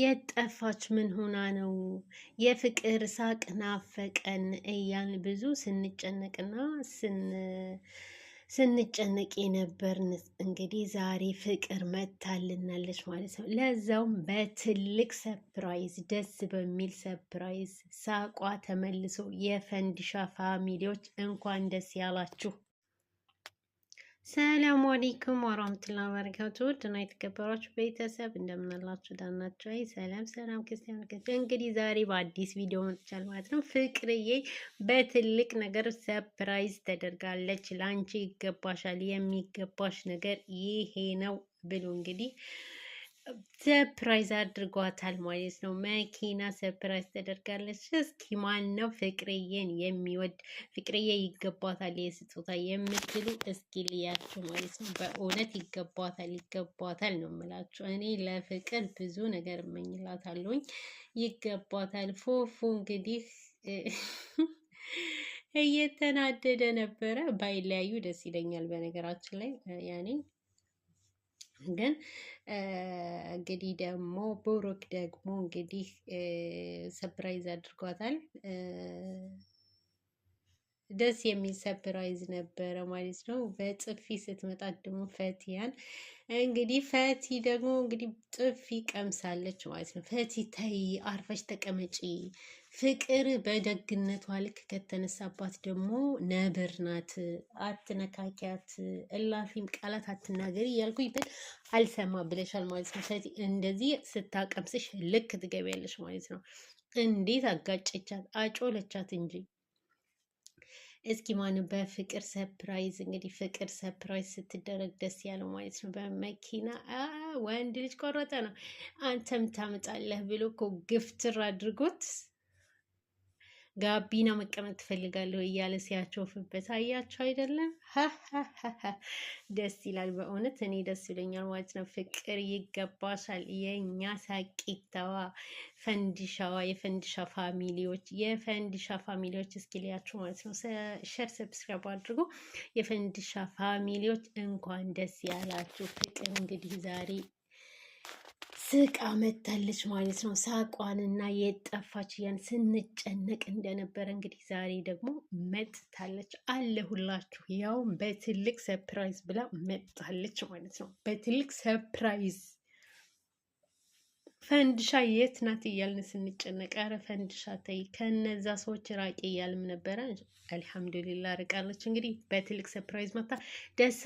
የጠፋች ምን ሆና ነው የፍቅር ሳቅ ናፈቀን እያን ብዙ ስንጨነቅና ስንጨነቅ የነበርን እንግዲህ ዛሬ ፍቅር መታልናለች ማለት ነው። ለዛውም በትልቅ ሰፕራይዝ፣ ደስ በሚል ሰፕራይዝ። ሳቋ ተመልሶ የፈንዲሻ ፋሚሊዎች እንኳን ደስ ያላችሁ። ሰላም አለይኩም ወራህመቱላሂ ወበረካቱ ድና የተከበራችሁ ቤተሰብ እንደምናላችሁ ዳናችሁ ሰላም ሰላም ክርስቲያን ክርስቲያን እንግዲህ ዛሬ በአዲስ ቪዲዮ መጥቻለሁ ማለት ነው። ፍቅርዬ በትልቅ ነገር ሰርፕራይዝ ተደርጋለች። ላንቺ ይገባሻል፣ የሚገባሽ ነገር ይሄ ነው ብሎ እንግዲህ ሰርፕራይዝ አድርጓታል ማለት ነው። መኪና ሰርፕራይዝ ተደርጋለች። እስኪ ማን ነው ፍቅርዬን የሚወድ ፍቅርዬ ይገባታል የስጦታ የምትሉ እስኪ ልያችሁ ማለት ነው። በእውነት ይገባታል ይገባታል ነው የምላችሁ። እኔ ለፍቅር ብዙ ነገር እመኝላታለሁኝ። ይገባታል። ፉፉ እንግዲህ እየተናደደ ነበረ። ባይለያዩ ደስ ይለኛል። በነገራችን ላይ ያኔ ግን እንግዲህ ደግሞ ብሩክ ደግሞ እንግዲህ ሰፕራይዝ አድርጓታል። ደስ የሚል ሰፕራይዝ ነበረ ማለት ነው። በጥፊ ስትመጣት ደግሞ ፈትያን እንግዲህ ፈቲ ደግሞ እንግዲህ ጥፊ ቀምሳለች ማለት ነው። ፈቲ ተይ አርፈሽ ተቀመጪ። ፍቅር በደግነቷ ልክ ከተነሳባት ደግሞ ነብር ናት። አትነካኪያት፣ እላፊም ቃላት አትናገሪ እያልኩኝ ብል አልሰማ ብለሻል ማለት ነው። ፈቲ እንደዚህ ስታቀምስሽ ልክ ትገቢያለሽ ማለት ነው። እንዴት አጋጨቻት! አጮለቻት እንጂ እስኪ ማን በፍቅር ሰፕራይዝ እንግዲህ ፍቅር ሰፕራይዝ ስትደረግ ደስ ያለው ማለት ነው። በመኪና ወንድ ልጅ ቆረጠ ነው አንተም ታመጣለህ ብሎ እኮ ግፍትር አድርጎት ጋቢና መቀመጥ ትፈልጋለሁ እያለ ሲያቸውፍበት አያቸው አይደለም። ደስ ይላል በእውነት እኔ ደስ ይለኛል ማለት ነው። ፍቅር ይገባሻል። የእኛ ሳቂታዋ ፈንዲሻዋ፣ የፈንዲሻ ፋሚሊዎች የፈንዲሻ ፋሚሊዎች እስኪ ልያችሁ ማለት ነው። ሸር ሰብስክራይብ አድርጎ የፈንዲሻ ፋሚሊዎች እንኳን ደስ ያላችሁ። ፍቅር እንግዲህ ዛሬ ስቃ መታለች ማለት ነው። ሳቋንና የጠፋች ያን ስንጨነቅ እንደነበረ እንግዲህ ዛሬ ደግሞ መጥታለች አለሁላችሁ። ያውም በትልቅ ሰርፕራይዝ ብላ መጥታለች ማለት ነው። በትልቅ ሰርፕራይዝ ፈንድሻ የት ናት እያልን ስንጨነቅ፣ ኧረ ፈንድሻ ተይ ከነዛ ሰዎች ራቂ እያልም ነበረ። አልሐምዱሊላ ርቃለች። እንግዲህ በትልቅ ሰርፕራይዝ መታ ደስ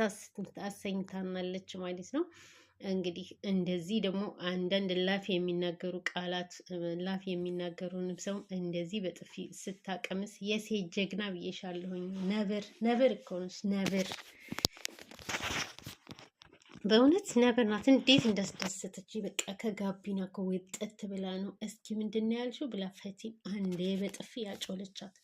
አሰኝታናለች ማለት ነው። እንግዲህ እንደዚህ ደግሞ አንዳንድ ላፍ የሚናገሩ ቃላት ላፍ የሚናገሩ ንብሰው እንደዚህ በጥፊ ስታቀምስ የሴት ጀግና ብዬሻለሁኝ። ነብር ነብር እኮ ነች ነብር፣ በእውነት ነብር ናት። እንዴት እንዳስደሰተች በቃ ከጋቢና ከወጠት ብላ ነው። እስኪ ምንድን ነው ያልሽው ብላ ፈቲን አንዴ በጥፊ ያጮለቻት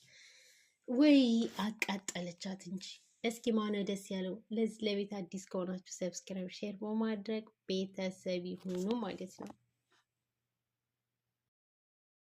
ወይ አቃጠለቻት እንጂ እስኪ ማነው ደስ ያለው? ለዚህ ለቤት አዲስ ከሆናችሁ ሰብስክራይብ፣ ሼር በማድረግ ቤተሰብ ይሁኑ ማለት ነው።